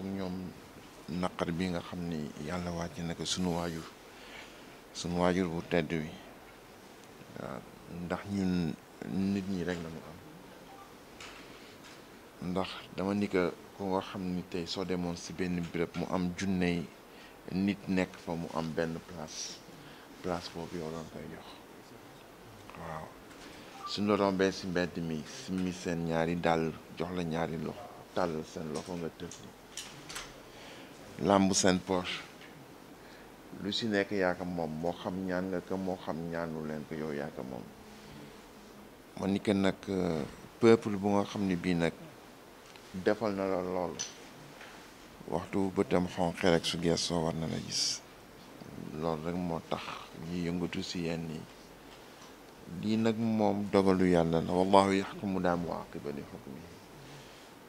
ak ñoom naqar bi nga xam ni yàlla wàcc na ko sunu waajur sunu waajur bu tedd wi waaw ndax ñun nit ñi rek lañu am ndax dama ni ko nga xam ni tey soo demoon ci benn béréb mu am junney nit nekk fa mu am benn place place boobu yow lañ koy jox waaw suñ la rombee ci mbedd mi simmi seen ñaari dàll jox la ñaari loxo tàll seen loxo nga tëdd. làmb seen poche lu si nekk yaaka moom moo xam ñaan nga ko moo xam ñaanu leen ko yow yaaka moom ma ni que nag euh, peuple bu nga xam ne bii nag defal na la lool waxtu bëtam xonq rek su geesoo war na la gis loolu rek moo tax ñuy yëngatu si yenn yi lii nag moom dogalu yàlla la wallahu yaxkumu daa mu aqiba li xukmihi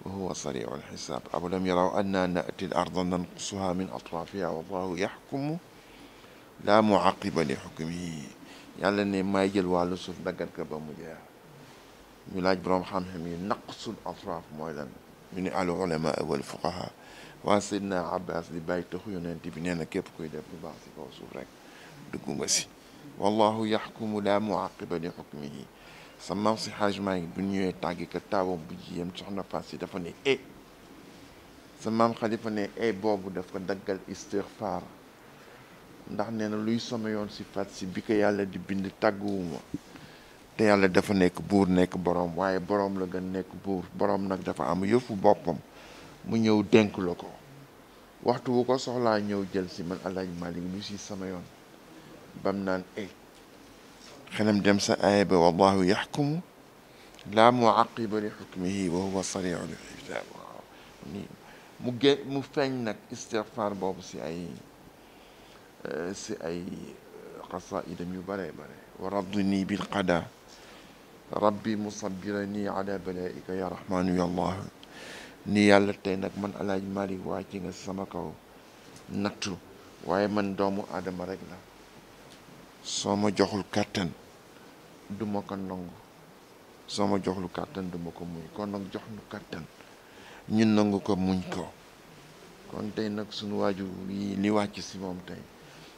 wa huwa sariicu l-xisaab awalam yaraw annaa na'ti l-arda nanqusuhaa min atraafihaa wallaahu yaxkumu laa mucaqiba li xukmihi yàlla ne maay jël wàllu suuf daggat ko ba mu jeex ñu laaj boroom xam-xam yi naqsul atraaf mooy lan ñu ne al ulamaa wal fuqahaa waa Seydina Abbas di bàyyi taxu yonent bi nee na képp kuy def lu baax si kaw suuf rek dugg nga si wallaahu yaxkumu laa mucaqiba li xukmihi sa maam si xaajmaa yi bu ñëwee tàggi ka taawam bu jiyam soxna Fass si dafa ne e sa maam xalifa ne e boobu dafa ko daggal istigfaar ndax nee na luy sama yoon si faat si bi ko yàlla di bind tàgguwuma te yàlla dafa nekk buur nekk boroom waaye boroom la gën nekk buur boroom nag dafa am yëfu boppam mu ñëw dénk la ko waxtu wu ko soxlaa ñëw jël si man alaaj Malik lu si sama yoon bam naan e xelam dem sa aaya ba wallahu yaxkumu laa muaqiba li xukmihi wa huwa sariicu li xisaab waaw ni mu gé mu feeñ nag istigfaar boobu si ay eh, si ay qasaidam yu bëree bëre wa raddini bilqada rabbi musabirani ala balaika ya rahmaanu ya allah ni yàlla tey nag man alaaj Malik waa ci nga sama kaw nattu waaye man doomu aadama rek la soo ma joxul kàttan du ma ko nangu sama jox lu kàttan du ma ko muñ kon nag jox lu kàttan ñu nangu ko muñ ko kon tey nag suñu waaju yi li wàcc si moom tey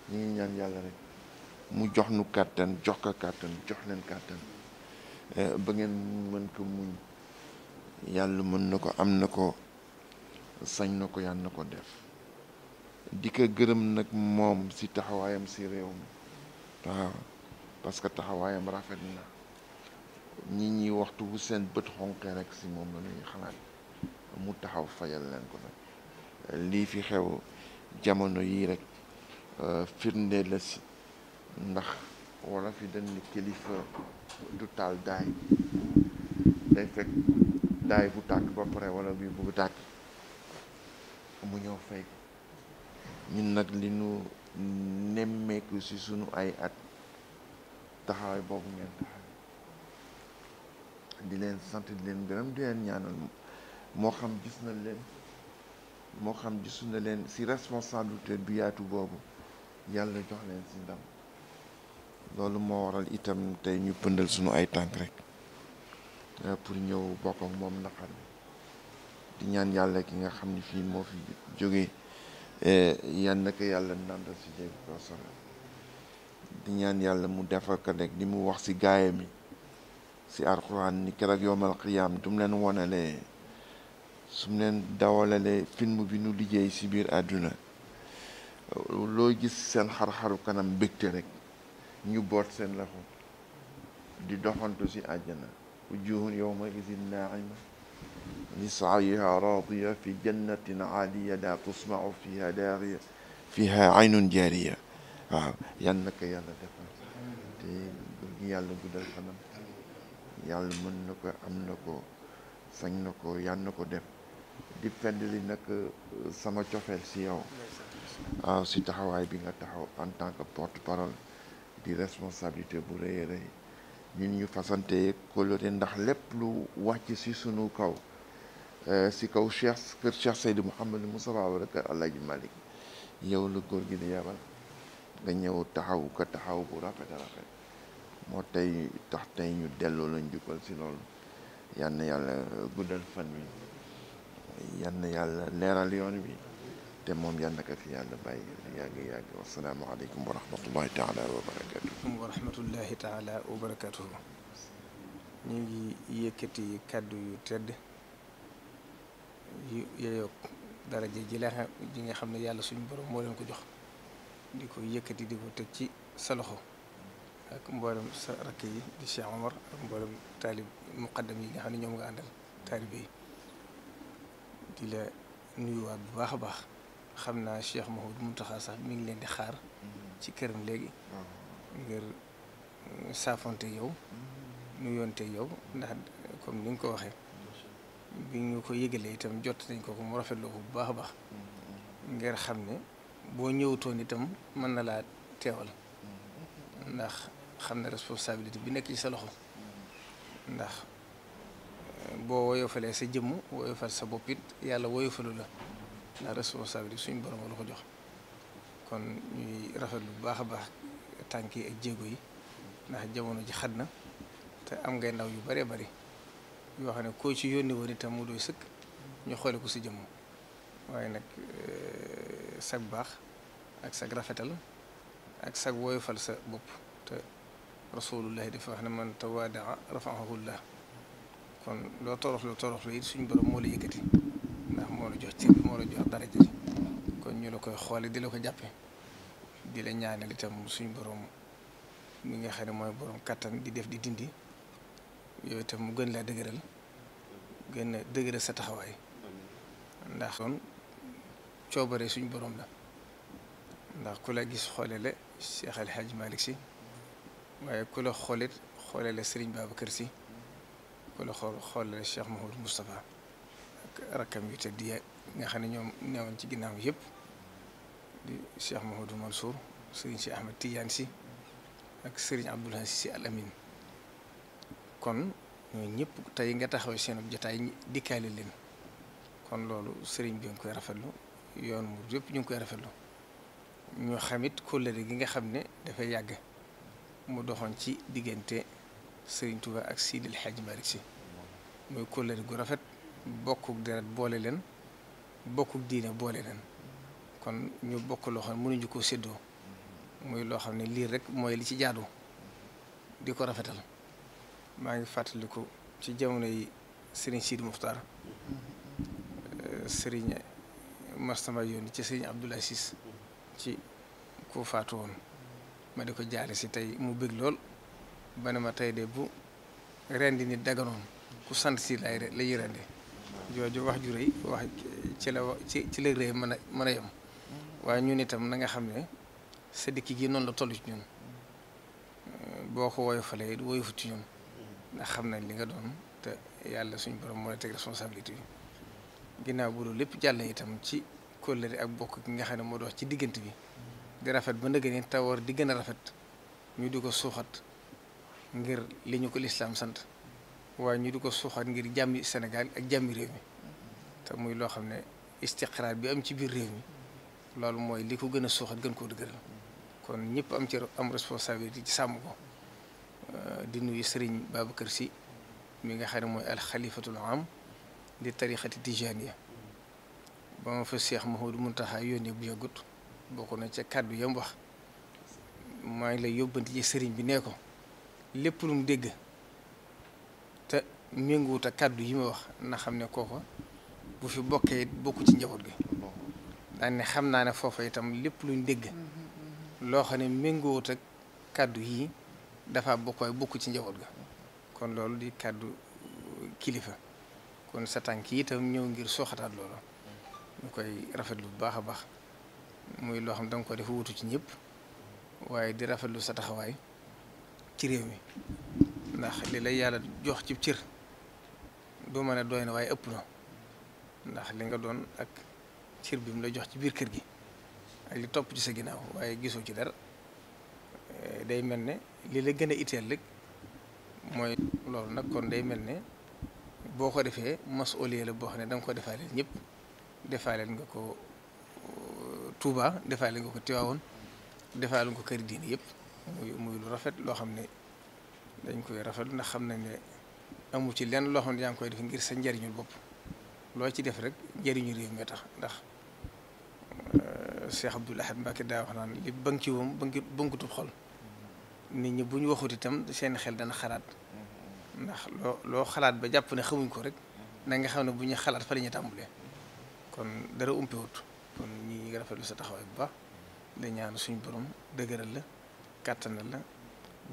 ñu ngi ñaan yàlla rek mu jox nu kàttan jox ko kàttan jox leen kàttan eh, ba ngeen mën ko muñ yàlla mën na ko am na ko sañ na ko yàlla na ko def di ko gërëm nag moom si taxawaayam si réew mi waaw parce que taxawaayam rafet na ñi ñi waxtu bu seen bët xonqee rek si moom la xalaat mu taxaw fajal leen ko nag lii fi xew jamono yii rek euh, firnde si ndax wala fi dañ kilifa du taal daay day fekk daay bu tàkk ba pare wala bi bu tàkk mu ñëw fay ko ñun nag li nu nemmeeku si sunu ay at taxawaay boobu ngeen taxaw di leen sant di leen gërëm di leen ñaanal moo xam gis na leen moo xam gisu na leen si responsabilité bu yaatu boobu yàlla jox leen si ndam loolu moo waral itam tey ñu pëndal sunu ay tànk rek euh, pour ñëw bokk moom naqar di ñaan yàlla ki nga xam ni fii moo fi jógee euh, yan naka yàlla nandal si jéeg ko sore ñaan yàlla mu defal ko mu wax si gaayam yi si alxuraan ni keroog yowmal xiyaam du mu su mu leen dawalalee film bi nu liggéey si biir àdduna loo gis seen xar kanam bégte rek ñu boot seen loxo di doxantu si àjjana wujuhun yowma idin naima li saayiha fi jannatin la tusmau fiha daariya fiha aynun jaariya waaw yan na ko yàlla defal te yàlla guddal fanam yàlla mën na ko am na ko sañ na ko yan na ko def di fend li nag euh, sama cofeel si yow waaw si taxawaay bi nga taxaw en tant que porte-parole di responsabilité bu rëy a rëy ñu fasante kóllëre ndax lépp lu wàcc si sunu kaw euh, si kaw Cheikh kër Cheikh Seydou Mouhamadou Moustapha wala kër Alaaji Malick yow la góor gi di yabal nga ñëw taxaw ko taxaw bu rafet rafet moo tey tax tey ñu delloo la njukkal si loolu yal yàlla guddal fan wi yal na yàlla leeral yoon wi te moom yal na ko fi yàlla bàyyi yàgg yàgg wasalaamaaleykum wa rahmatullahi taala wa ñu ngi yëkkati kàddu yu tedd yu yeyoo daraja ji la ji nga xam ne yàlla suñu borom moo leen ko jox di ko yëkkati di ko teg ci sa loxo ak mboolem sa rakk yi di Cheikh Omar ak mboolem taalib muqaddam yi nga xam ne ñoom nga àndal taalib yi di la nuyuwaat bu baax a baax xam naa Cheikh Mahmoud Mountakha sax mi ngi leen di xaar ci këram léegi ngir saafonte yow nuyoonte yow ndax comme ni nga ko waxee bi ñu ko yëgalee itam jot nañ ko ko mu rafetloo ko bu baax a baax ngir xam ne boo ñëwutoon itam mën na laa teewal ndax xam ne responsabilité bi nekk ci sa loxo ndax euh, boo woyofalee sa jëmm woyofal sa bopp it yàlla woyofalu la ndax responsabilité suñ borom la ko jox kon ñuy rafetlu bu baax a baax tànk yi ak jéego yi ndax jamono ji xat na te am ngay ndaw yu bëree bëri yoo xam ne koo ci yónni woon itam mu doy sëkk ñu xoole ko si jëmm waaye nag euh, sag baax ak sag rafetal ak sag woyofal sa bopp te rasulullahi dafa wax ne man tawaadaa rafaahullah kon loo toroxlu toroxlu it suñu borom moo la yëkkati ndax moo la jox cër moo la jox daraja kon ñu la koy xoolee di la ko jàppe di la ñaanal itam suñu boroom mi ngi xam ne mooy boroom kàttan di def di dindi yow itam mu gën laa dëgëral gën a dëgëral sa taxawaay ndax doon coobare suñu boroom la ndax ku la gis xoolale Cheikh El Hadj Malick si waaye ku la xoolit sëriñ Serigne kër si ku la xool xoolale Cheikh Mouhamadou Moustapha ak rakkam yu tëdd yi nga xam ne ñoom newoon ci ginnaaw yëpp di Cheikh Mouhamadou Mansour Serigne Cheikh Ahmed Tidiane Sy ak sëriñ Abdoul Aziz Sy Al kon ñooñu ñëpp tey nga taxaw seen jotaay dikkaale leen kon loolu sëriñ bi nga koy rafetlu yoon mu yëpp ñu ngi koy rafetlu. ñoo xamit kóllëre gi nga xam ne dafay yàgg mu doxoon ci diggante sëriñ Touba ak Sidi El Hadj si Sy muy kóllëre gu rafet bokkuk deret boole leen bokkuk diine boole leen kon ñu bokk loo xam ne mënuñu koo séddoo muy loo xam ne lii rek mooy li ci jaadoo di ko rafetal maa ngi fàttaliku ci jamono yi Serigne Sidi sëriñ mm-hmm. Serigne Mastamba yoon ci Serigne Abdoulaye Ciss ci ku faatu woon ma di ko jaale si tey mu bég lool ba ne ma tey de bu rendi nit daganoon ku sant si lay lay rendi jooju wax ju rëy wax ci la ci ci la rëy mën a mën a yem waaye ñun itam na nga xam ne sa dikk gi noonu la toll ci ñun boo ko woyofalee woyofu ci ñun ndax xam nañ li nga doon te yàlla suñu borom moo la teg responsabilité yi ginnaaw bu loolu lépp jàll itam ci. kóllëre ak bokk gi nga xam ne moo dox ci diggante bi di rafet ba ndëgg ni tawar di gën a rafet ñu di ko suuxat ngir li ñu ko lislaam sant waaye ñu di ko suuxat ngir jàmmi Sénégal ak jàmmi réew mi te muy loo xam ne istiqraar bi am ci biir réew mi loolu mooy li ko gën a suuxat gën koo dëgëral kon ñëpp am ci am responsabilité ci sàmm ko euh, di nuyu sëriñ Serigne kër si mi nga xam ne mooy alxalifatul am di tarixati tijaniya ba ma fa Cheikh Mouhamadou Mountakha yónnee bu yàggut bokk na ca kàddu yam wax maa ngi lay yóbbante ci sëriñ bi ne ko lépp lu dégg te méngoowut ak kàddu yi ma wax na xam ne kooko bu fi bokkee bokku ci njaboot gi daan ne xam naa ne foofa itam lépp luñ dégg loo xam ne méngoowut ak kàddu yi dafa bokk waaye bokku ci njaboot ga kon loolu di kàddu kilifa kon sa tànk yi itam ñëw ngir soxataat loolu ñu koy rafetlu bu baax a baax muy loo xam danga ko def wutu ci ñëpp waaye di rafetlu sa taxawaay ci réew mi ndax li lay yàlla jox ci cër du ma ne doy na waaye ëpp na ndax li nga doon ak cër bi mu jox ci biir kër gi ak li topp ci sa ginnaaw waaye gisoo ci dara eh, day mel ne li la gën a iteel rek mooy loolu nag kon day mel ne boo ko defee masuliya la boo xam ne danga ko defaale ñëpp. defaaleel nga ko Touba defaaleel nga ko Tivaouane defaaleel nga ko kër diine yëpp muy muy lu rafet loo xam ne dañ koy rafet ndax xam nañ ne amu ci lenn loo xam ne koy def ngir sa njariñul bopp loo ci def rek njariñu réew mi tax ndax euh, Cheikh Abdoul Ahad Mbacké daa wax naan li banki woom banki bënkutub xol nit ñi bu ñu waxut itam seen xel dana xalaat ndax loo xalaat ba jàpp ne xamuñ ko rek na nga xam ne bu ñuy xalaat fa la ñu kon dara umpewut kon ñi ngi rafetlu sa taxawaay bu baax la ñaan suñu boroom dëgëral la kàttanal la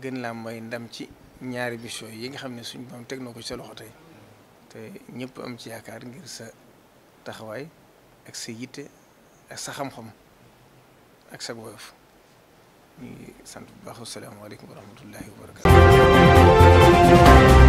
gën laa mooy ndam ci ñaari mission yi nga xam ne suñ borom teg na ko ci sa loxo tey te ñëpp am ci yaakaar ngir sa taxawaay ak sa yitte ak sa xam-xam ak sa woyof ñu ngi sant bu baax asalaamaaleykum wa rahmatullahi wa barakatu